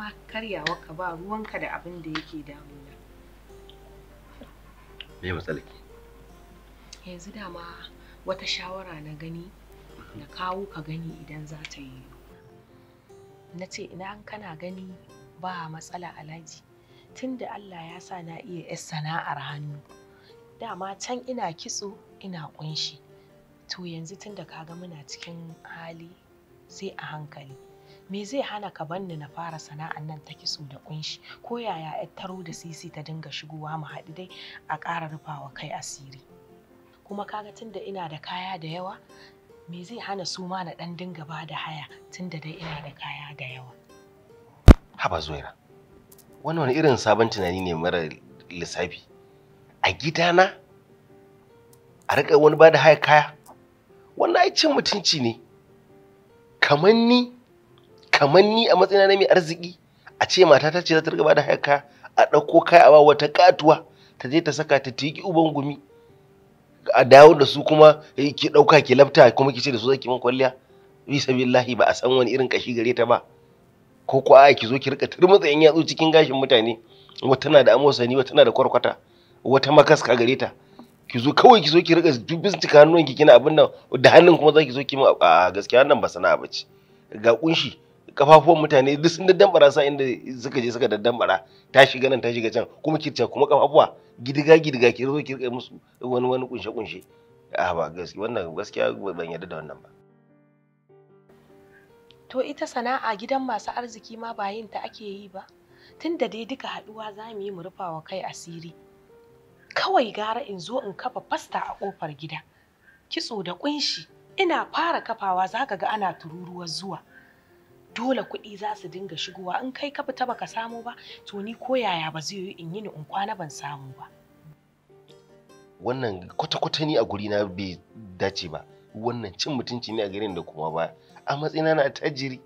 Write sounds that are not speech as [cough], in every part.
ma karyawa ka ba ruwanka da abin da yake damuna. Me matsala ke? Yanzu dama wata shawara na gani na kawo ka gani idan za ta yi. Na ce idan kana gani ba matsala alhaji da Allah ya sa na iya 'yar sana'ar hannu. Dama can ina kitso ina kunshi. To yanzu tun da ka ga muna cikin hali sai a hankali. me zai hana ka banni na fara sana'an nan ta kitso da kunshi ko yaya ya taro da sisi ta dinga shigowa mu haɗu dai a ƙara rufawa kai asiri kuma kaga tunda ina da kaya da yawa me zai hana su ma na ɗan dinga bada da haya tunda dai ina da kaya da yawa haba zuwaina, wannan wani irin sabon tunani ne mara lissafi a gidana a riƙa wani bada da haya kaya wannan ai cin mutunci ne kamar ni kamar ni a matsayina na mai arziki a ce mata ta ce za ta rigaba da haka a ɗauko kai a ba wata katuwa ta je ta saka ta tiki uban gumi a dawo da su kuma ki ɗauka ki lafta kuma ki ce da su zaki man kwalliya bi sabillahi ba a san wani irin kashi gare ta ba ko ko a ki zo ki rika turmutsa yan yatsu cikin gashin mutane wata na da amosani wata na da kwarkwata wata makaska gare ta ki zo kawai ki zo ki rika cika hannun ki kina abin nan da hannun kuma za ki zo ki a a gaskiya wannan ba sana'a bace ga kunshi kafafuwan mutane duk sun bara sa inda suka je suka daddambara ta shiga nan ta shiga can kuma kirce kuma kafafuwa gidiga gidiga ki zo ki musu wani wani kunshe kunshe a ba gaskiya wannan gaskiya ban yarda da wannan ba to ita sana'a gidan masu arziki ma ba yin ta ake yi ba Tun da dai duka haduwa za mu yi mu rufa wa kai asiri kawai gara in zo in kafa fasta a kofar gida kitso da kunshi ina fara kafawa zaka ga ana tururuwar zuwa dole kuɗi za su dinga shigowa in kai ka fita baka samu ba to ni ko yaya ba zai yi in yi ni in kwana ban samu ba wannan kwata-kwata ni a guri na bai dace ba wannan cin mutunci ne a garin da kuma ba a matsayina na tajiri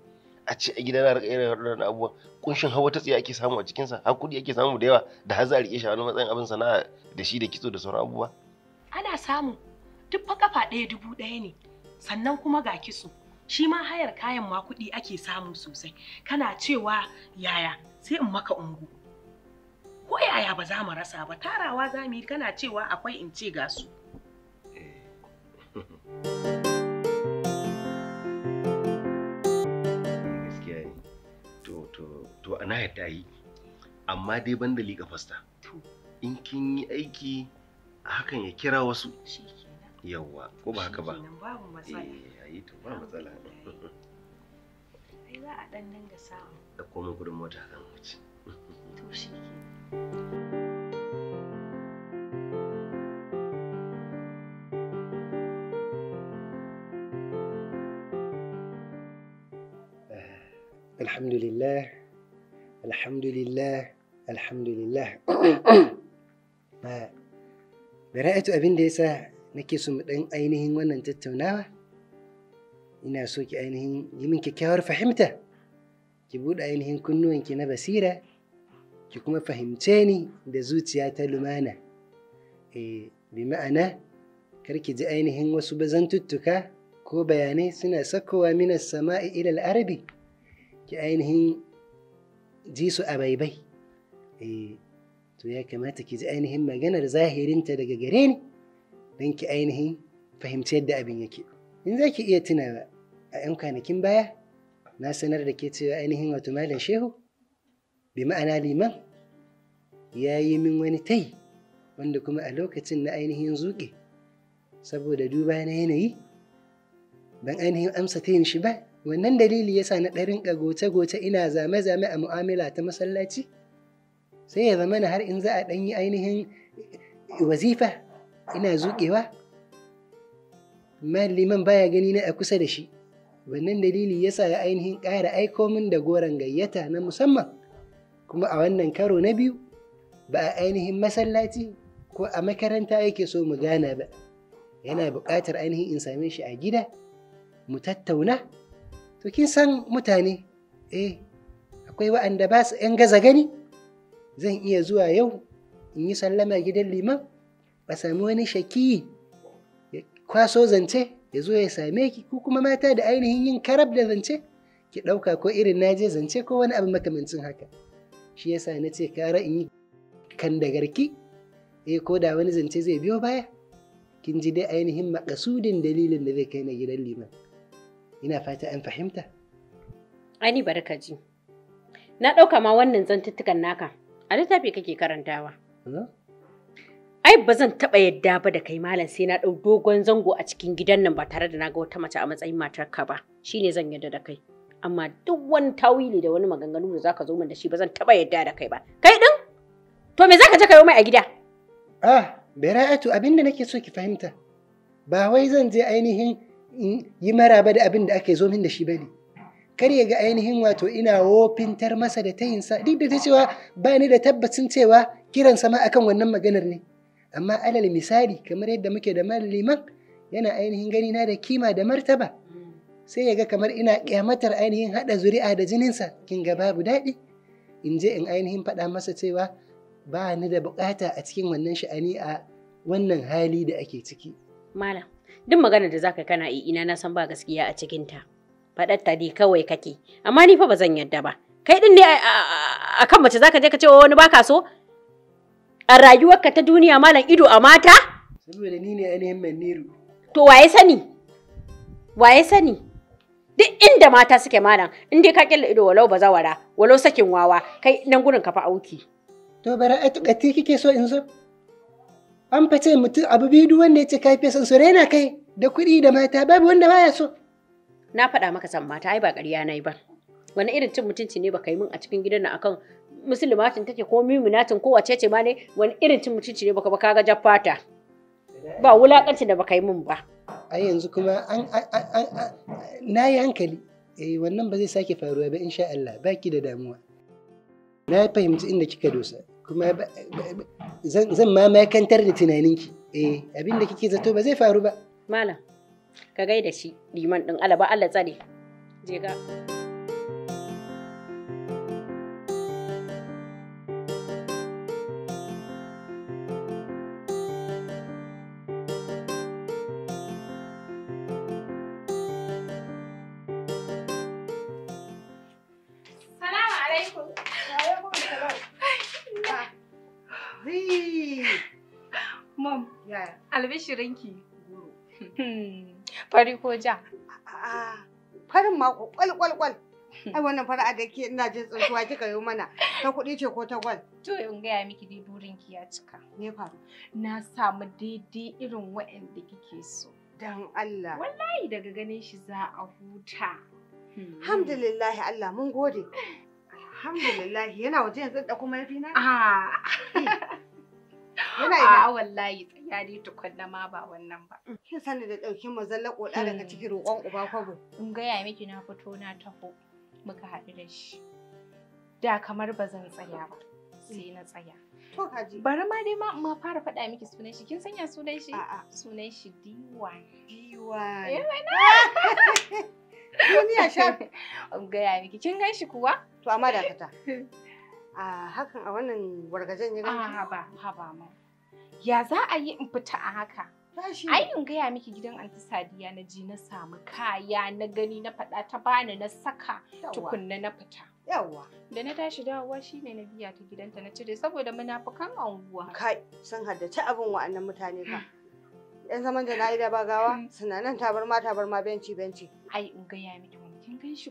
a ce a na rika irin waɗannan abubuwan kunshin hawa ta tsaye ake samu a cikinsa har kuɗi ake samu da yawa da har za a riƙe shi a wani matsayin abin sana'a da shi da kitso da sauran abubuwa ana samu duk fa kafa ɗaya dubu ɗaya ne sannan kuma ga kitso shi ma hayar kayan ma kuɗi ake samu sosai kana cewa yaya sai in maka ungu ko yaya ba za mu rasa ba tarawa za mu yi kana cewa akwai in ce ga su eh. [laughs] to to to yi amma dai ban da liƙa fasta in kin yi aiki hakan ya kira wasu yawa ko ba haka ba babu matsala eh to ba matsala ai za a dan danga samu da komai gurin mota kan wuce to shi الحمد لله الحمد لله الحمد لله na ra'ayatu abin da nake so mu ɗan ainihin wannan tattaunawa ina so ki ainihin yi min kyakkyawar fahimta ki buɗe ainihin kunnuwanki na basira ki kuma fahimce ni da zuciya ta lumana e, bi ma'ana kar ki ji ainihin wasu bazan tuttuka ko bayanai suna sakowa minas sama'i ilal arabi ki ainihin ji su a baibai e, to ya kamata ki ji ainihin maganar zahirinta daga gare ni don ki ainihin fahimci yadda abin yake in za ki iya tuna a 'yan kwanakin baya na sanar da ke cewa ainihin wato malam shehu bi ma'ana liman ya yi min wani tai wanda kuma a lokacin na ainihin zuƙe saboda duba na yanayi ban ainihin amsa tayin shi ba wannan dalili ya sa na ɗarin goce-goce ina zame-zame a mu'amala ta masallaci sai ya zama na har in za a ɗanyi ainihin wazifa ina zuƙewa liman baya gani na a kusa da shi wannan dalili yasa ya ainihin ƙara aiko min da goron gayyata na musamman kuma a wannan karo na biyu ba a ainihin masallaci ko a makaranta yake so mu gana ba yana buƙatar ainihin in same shi a gida mu tattauna to kin san mutane eh akwai wa'anda ba su 'yan gaza gani zan iya zuwa yau in yi sallama gidan liman ba sami wani shaki ya kwaso zance ya zo ya same ki ko kuma mata da ainihin yin karab da zance ki ɗauka ko irin naje zance ko wani abu makamancin haka shi yasa na ce kara in yi kan da garki eh ko da wani zance zai biyo baya kin ji dai ainihin makasudin dalilin da zai kai na gidan liman ina fata an fahimta ani baraka ji na ɗauka ma wannan zantuttukan naka a littafi kake karantawa Ai ba zan taɓa yadda ba da kai malam sai na ɗau dogon zango a cikin gidan nan ba tare da na ga wata mace a matsayin matarka ba. Shi ne zan yadda da kai. Amma duk wani tawili da wani maganganu da zaka zo min da shi ba zan taɓa yadda da kai ba. Kai ɗin? To me zaka je kayo mai a gida? Ah, abin abinda nake so ki fahimta. Ba wai zan je ainihin yi maraba da abin da ake zo min da shi bane. Kar ya ga ainihin wato ina wofintar masa da tayinsa duk da ta cewa ba ni da tabbacin cewa kiran ma akan wannan maganar ne. amma alal misali kamar yadda muke da liman yana ainihin gani na da kima da martaba sai ya ga kamar ina kyamatar ainihin hada zuri'a da jininsa kin ga babu daɗi in je in ainihin faɗa masa cewa ba ni da bukata a cikin wannan sha'ani a wannan hali da ake ciki. Malam, duk magana da zaka kana yi ina na san ba gaskiya a cikin ta. Faɗar ta dai kawai kake, amma ni fa ba zan yadda ba. Kai ɗin ne a kan mace zaka je ka ce wani baka so, a rayuwarka ta duniya malam ido a mata? Saboda ni ne ainihin maniru. To waye sani? Waye sani? Duk inda mata suke malam, in dai ka kella ido walau bazawara, walau sakin wawa, kai nan gurin ka fa auki. To bara ai tukati kike so in zo? An fice mutum abu biyu duk wanda ya ce kai fesan su raina kai da kuɗi da mata babu wanda baya so. Na faɗa maka san mata ai ba ƙarya na yi ba. Wani irin cin mutunci ne baka yi min a cikin gidan nan akan musulmatin take ko miminatin ko wace ce ma ne wani irin cin mutunci ne baka baka kaga jaffata ba wulakancin da baka yi min ba ai yanzu kuma an na yi hankali eh wannan ba zai sake faruwa ba insha Allah baki da damuwa na fahimci inda kika dosa kuma zan ma kantar da tunaninki eh abin da kike zato ba zai faru ba malam ka gaida shi liman din alaba Allah tsare je ga tambaya. Albishirinki. Hmm. Fari ko ja? A'a, farin ma kwal-kwal-kwal. Ai wannan fara da ke ina jin tsuntuwa kika yi mana ta kuɗi ce ko ta gwal. To in gaya miki dai burinki ya cika. Me faru? Na samu daidai irin waɗanda kike so. Dan Allah. Wallahi daga ganin shi za a huta. Hmm. Alhamdulillah Allah mun gode. Alhamdulillah yana waje yanzu da kuma yafi na? a ah. eh. Yana ina. A wallahi tsaya dai tukunna ma ba wannan ba. Kin sani da ɗauki mazalla ƙoda daga hmm. cikin roƙon uba kwabo. In gaya miki na fito na taho muka haɗu da shi. Da kamar ba zan tsaya ba. Sai na tsaya. To kaji. Bari ma dai ma ma fara faɗa miki sunan shi. Kin sanya sunan shi? A'a. Sunan shi Diwan. Diwan. Yana. Duniya sha. [laughs] In gaya miki kin gan shi kuwa? To amma dakata. a ah, hakan a wannan wargajen ya gani? A haba, haba ma. Ya za a yi in fita a haka? Ai in gaya miki gidan anti Sadiya na ji na samu kaya na gani na faɗa ta bani na saka tukunna na fita. Yawa. Da na tashi dawowa shine na biya ta gidanta na cire saboda munafukan anguwa. Kai sun haddace abin wa'annan mutane ka. Hmm. Yan zaman da na yi da bagawa hmm. suna nan tabar ma benci benci. Ai in gaya miki wani kin gan shi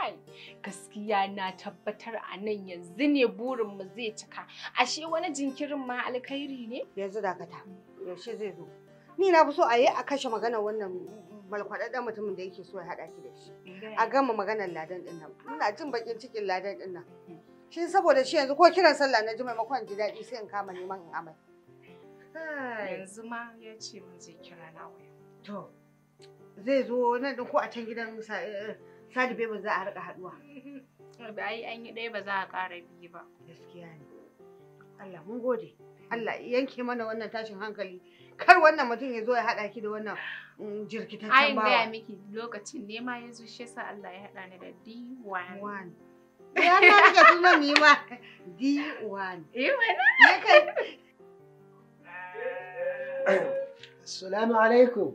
kai gaskiya na tabbatar a nan yanzu ne burinmu zai cika ashe wani jinkirin ma alkhairi ne yanzu dakata yaushe zai zo ni na fi so a yi a kashe magana wannan malkwaɗaɗɗen mutumin da yake so ya haɗa ki da shi a gama maganar ladan ɗin nan ina jin baƙin cikin ladan ɗin nan hmm. shi saboda shi yanzu ko kiran sallah na ji maimakon ji daɗi sai in kama neman in amai hmm. yanzu ma ya ce mun zai kira na waya to zai zo nan ko a can gidan eh, Sadi bai ba za a rika haduwa. Ba ai an yi ɗaya ba za a ƙara biyu ba. Gaskiya ne. Allah mun gode. Allah yanke mana wannan tashin hankali. Kar wannan mutum ya zo ya haɗa ki da wannan mm, jirkitaccen bawa. Ai gaya miki lokacin nema ya zo shi yasa Allah ya haɗa ni da D1. Ya na rike sunan ni ma D1. Eh kai. Assalamu alaikum.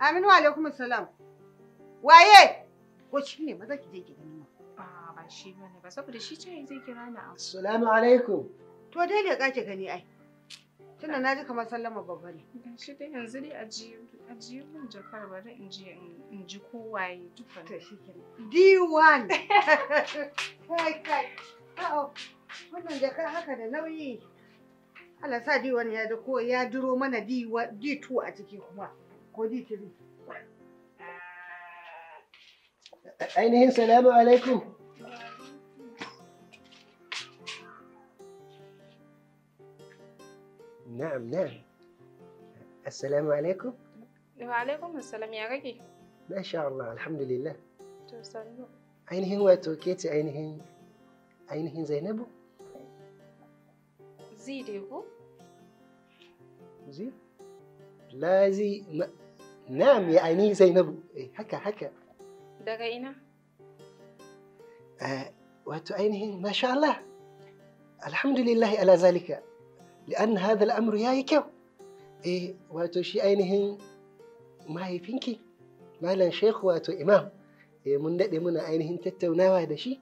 Aminu alaikum assalam. Waye? ko shi ne maza ki je ki gani ma a ba shi ne ba saboda shi ce zai kira ni a assalamu alaikum to dai ne kake gani ai tunda na ji kamar sallama babba ne shi dai yanzu dai a ji mun jakar ba in je in ji kowaye dukkan to shi kenan D1 [laughs] kai kai a'a wannan jakar haka da nauyi Allah sa D1 ya da ko ya duro mana D2 a ciki kuma ko D3 أين هي سلام عليكم نعم نعم السلام عليكم وعليكم السلام يا رجل ما شاء الله الحمد لله أين هو واتوكيتي أين هي أين هي زينب هو زيد لا زي ما... نعم يا أيني زينب إيه، هكا هكا Daga ina? Eh, wato ainihin masha Allah. Alhamdulillahi ala zalika. Li'an Amru ya yayi kyau. Eh wato shi ainihin mahaifinki Malam Sheikh wato Imam. Eh mun daɗe muna ainihin tattaunawa da shi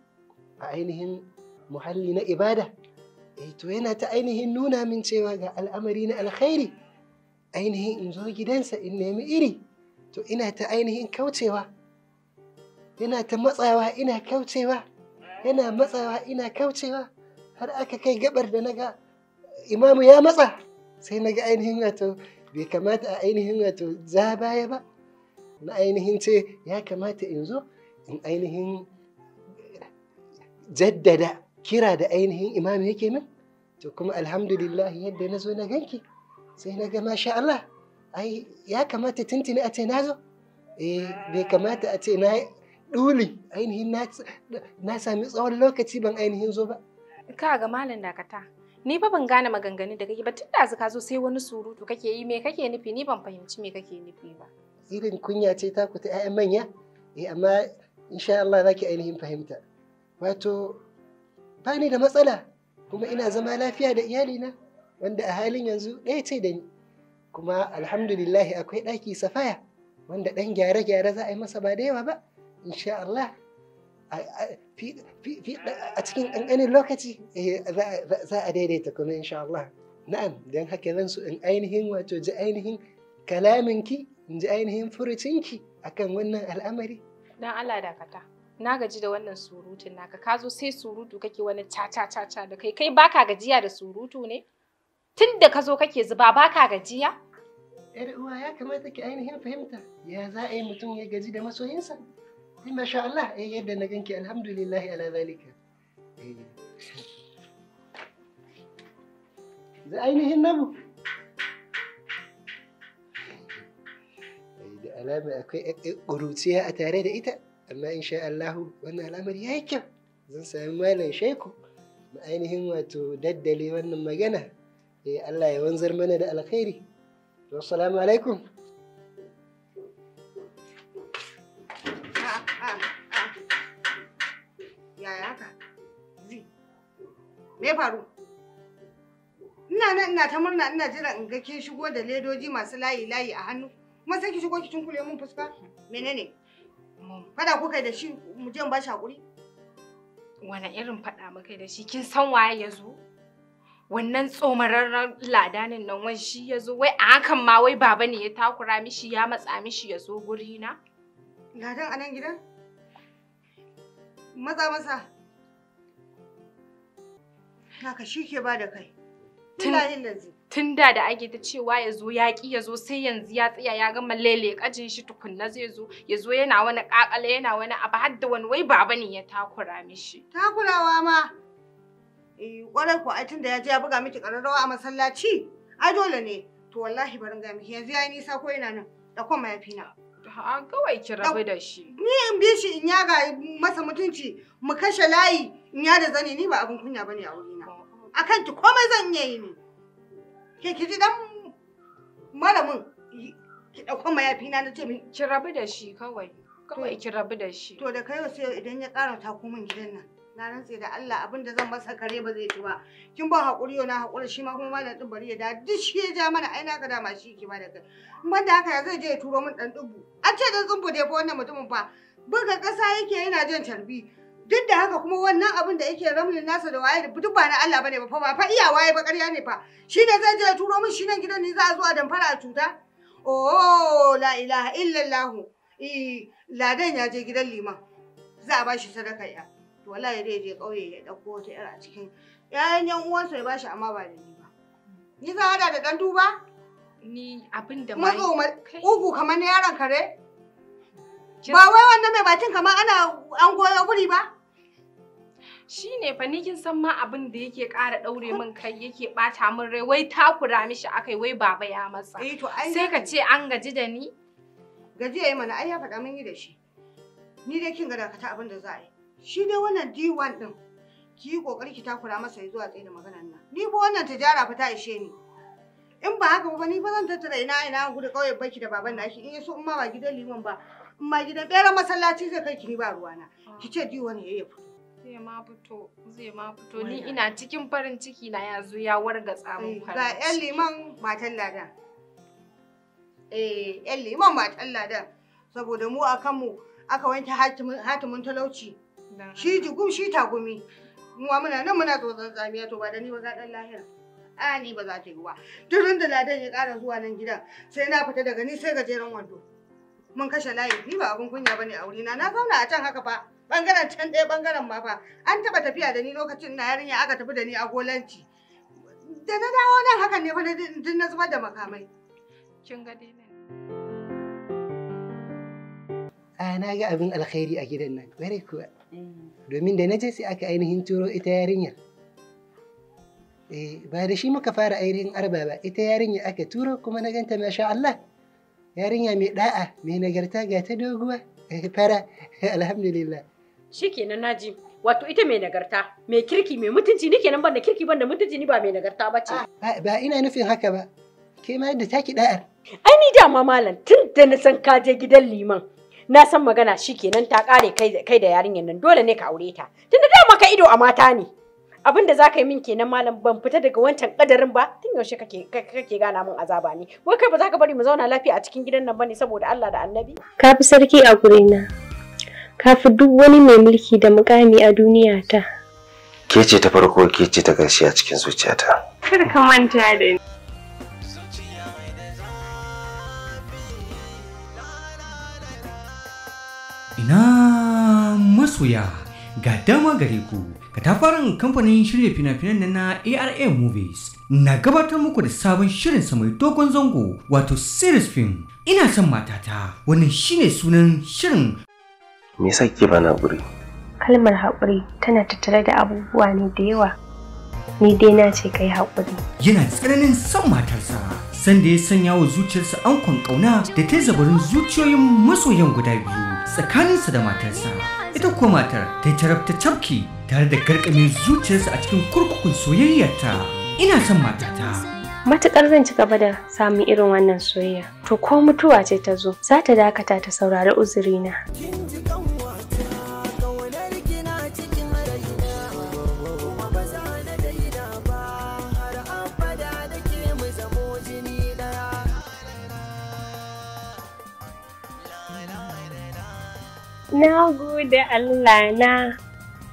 a ainihin muhalli na ibada. E to yana ta ainihin nuna min cewa ga al'amari na alkhairi. Ainihin in zo gidansa in nemi iri. To ina ta ainihin kaucewa. yana ta matsawa ina kaucewa yana matsawa ina kaucewa har aka kai gabar da naga imamu ya matsa sai naga ainihin wato bai kamata a ainihin wato za baya ba na ainihin ce ya kamata in zo in ainihin jaddada kira da ainihin imamu yake min to kuma alhamdulillah yadda na zo na ganki sai na ga masha Allah ai ya kamata tuntuni a ce na zo eh bai kamata a ce na dole ainihin na sami tsawon lokaci ban ainihin zo ba. Ka ga malam dakata. Ni fa ban gane maganganu da kake ba tun da ka zo sai wani surutu kake yi me kake nufi ni ban fahimci me kake nufi ba. Irin kunya ce ta kuta ta 'ya'yan manya? Eh amma insha Allah za ki ainihin fahimta. Wato ba ni da matsala kuma ina zama lafiya da iyalina wanda a halin yanzu ɗaya ce da ni. Kuma alhamdulillahi akwai ɗaki safaya wanda ɗan gyare-gyare za a yi masa ba da yawa ba. insha a cikin ƙanƙanin lokaci za a daidaita kuma insha'Allah. Allah na'am don haka zan su in ainihin wato ji ainihin kalaminki in ji ainihin furucinki akan wannan al'amari dan Allah dakata na gaji da wannan surutun naka ka zo sai surutu kake wani ta ta da kai kai baka gajiya da surutu ne tun da ka zo kake zuba baka gajiya yar uwa ya kamata ki ainihin fahimta ya za a yi mutum ya gaji da masoyinsa masha Allah eh, yadda na ganki alhamdulilahi ala zalika eh. da ainihin namu eh, akwai ƙuruciya a tare da ita amma insha Allahu wannan alamar ya yi kyau zan sami malam sheku mu wato daddare wannan magana Allah ya wanzar mana da alkhairi wassalamu alaikum Me faru? Ina nan ina ta murna ina jira in ga kin shigo da ledoji masu layi layi a hannu. Kuma sai ki shigo ki tunkule mun fuska. Menene? Fada ku kai da shi mu je mu ba shi hakuri. Wani irin fada mu kai da shi kin san waye ya zo? Wannan tsomararren ladanin nan wai shi ya zo wai a hakan ma wai baba ne ya takura mishi ya matsa mishi ya zo guri na. Ladan a nan gidan? Maza masa Haka shi ke ba da kai. Tun da da ake ta cewa ya zo ya ƙi ya zo sai yanzu ya tsaya ya gama lele kajin shi tukunna zai zo ya zo yana wani ƙaƙala yana wani abu har da wani wai baba ne ya takura mishi. Takurawa ma eh ƙwarai ko ai da ya je ya buga miki ƙararrawa a masallaci ai dole ne to wallahi barin ga miki yanzu yayi nisa ko yana nan da kuma mayafi na. Ha kawai ki rabu da shi. Ni in bi shi in yaga masa mutunci mu kashe layi in ya da zani ni ba abin kunya bane a wurina. a ki komai zan iya yi ne ke ki ji dan malamin ki ɗauko mayafi na na ce min ki rabu da shi kawai kawai ki rabu da shi to da kai sai idan ya ƙara ta min gidan nan na rantse da Allah abin da zan masa kare ba zai ci ba kin ba hakuri yau na hakuri shi ma kuma malam din bari ya da duk shi ya ja mana ai na ga dama shi ki ba da kai ban da haka ya zai je ya turo min dan dubu an ce dan tsumbu dai fa wannan mutumin fa buga ƙasa yake yana jin tarbi duk da haka kuma wannan abin da yake ramlin nasa da waye duk ba na Allah bane ba fa ba fa iya waye ba ƙarya ne fa shi ne zai je ya turo min shi nan gidan ne za a zo a damfara a cuta oh la ilaha illallah eh ladan ya je gidan liman za a bashi sadaka ya to wallahi dai je kauye ya dauko wata yar a cikin yayan yan uwansa ya bashi amma ba da ni ba ni za hada da dan duba ni abin da mai ugu kamar yaran yaron kare ba wai wannan mai bakin kamar ana an goyo guri ba ne fa ni kin san ma abin da yake ƙara ɗaure min kai yake ɓata min rai wai takura mishi akai wai baba ya matsa eh sai ka ce an gaji da ni gaji yayi mana ai ya faɗa mun yi da shi ni dai kin ga dakata abin da za a yi shi dai wannan D1 din ki yi kokari ki takura masa ya zuwa tsaye da maganar nan ni ba wannan tijara fa ta ishe ni in ba haka ba ni ba zan tattara ina ina gudu kauye baki da baban naki in yaso in ma ba gidan liman ba in ma gidan ɓeran masallaci zai kai ki ni ba ruwana ki ce D1 ya yi fito zai ma fito zai ma fito ni ina cikin farin ciki na yanzu ya wargatsa mun eh, farin ga yan liman matan ladan eh yan liman matan ladan saboda mu akan mu aka wanke hatimin talauci shi jigum shi tagumi mu muna nan muna tsotsan tsamiya to ba da ni ba za ɗan lahira a ni ba za ta yi ba duk da ladan ya ƙara zuwa nan gidan sai na fita daga ni sai gajeren wando mun kashe layi ni ba abin kunya bane a wurina na zauna a can haka fa bangaren can ɗaya bangaren ma fa an taɓa tafiya da ni lokacin na yarinya aka tafi da ni a golanci da na dawo nan hakan ne fa na na zubar da makamai kin ga dai na ga abin alkhairi a gidan nan bare kuwa mm. domin da na je sai aka ainihin turo ita yarinyar eh ba da shi muka fara ainihin arba ba ita yarinya aka turo kuma na ganta masha Allah yarinya mai da'a mai nagarta ga ta doguwa eh, fara [laughs] alhamdulillah shikenan naji wato ita mai nagarta mai kirki mai mutunci ni kenan kirki banda da mutunci ni ba mai nagarta ba ce ba ina nufin haka ba ke ma yadda taki da'ar ai ni malam tun da na san ka je gidan liman na san magana shikenan ta kare kai da yarinyar nan dole ne ka aure ta tun da dama ka ido a mata ne abin da zaka yi min kenan malam ban fita daga wancan kadarin ba tun yaushe kake kake gana min azaba ne wai kai ba za ka bari mu zauna lafiya a cikin gidan nan bane saboda Allah da Annabi ka fi sarki a gurina ka duk wani mai mulki da mukami a duniya ta. Ke ce ta farko ke ce ta gashi a cikin zuciyata. Kar ka manta da ni. Ina masoya ga dama gare ku katafaren kamfanin shirya fina-finan na ARA Movies na gabatar muku da sabon shirin sa mai dogon zango wato series film ina son matata wannan shine sunan shirin me yasa kike bana guri kalmar haƙuri tana tattare da abubuwa ne da yawa ni dai na ce kai haƙuri yana tsananin son matarsa sanda ya sanya wa zuciyarsa ankon ƙauna da ta zabarin zuciyoyin masoyan guda biyu tsakaninsa da matarsa ita kuwa matar ta tarabta cafki tare da garkame zuciyarsa a cikin kurkukun soyayyarta ina son matata matuƙar zan ci gaba da samun irin wannan soyayya to ko mutuwa ce ta zo za ta dakata ta saurari uzurina Na gode Allah na,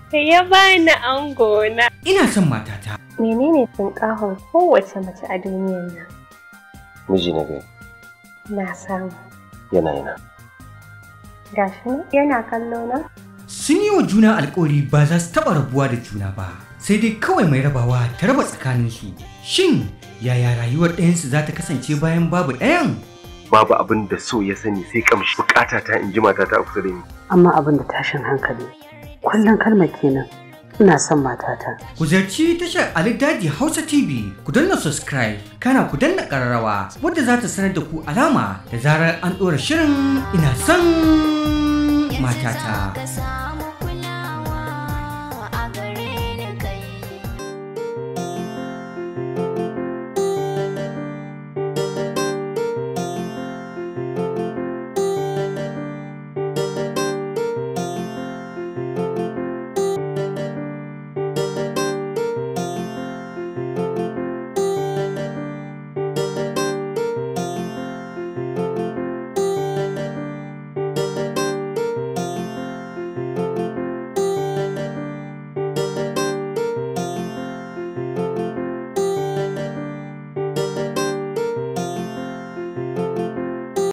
ka ya bani ango na. Ina son matata. Menene tunkahon kowace mace a duniyar nan? Miji na gai. Na samu. Yana yana. Gashi yana kallo na? Sun yi wa juna alkawari ba za su taɓa rabuwa da juna ba, sai dai kawai mai rabawa ta raba tsakanin tsakaninsu. Shin yaya rayuwar ɗayansu za ta kasance bayan babu ɗayan? babu abin da so ya sani sai kamshi bukata ta in ji matata a kusa da ni amma abin da tashin hankali kullum kalmar kenan ina son matata. Ku ziyarci tashar Ali Daji Hausa TV ku danna subscribe kana ku danna ƙararrawa wadda za ta sanar da ku alama da zarar an ɗora shirin ina son matata.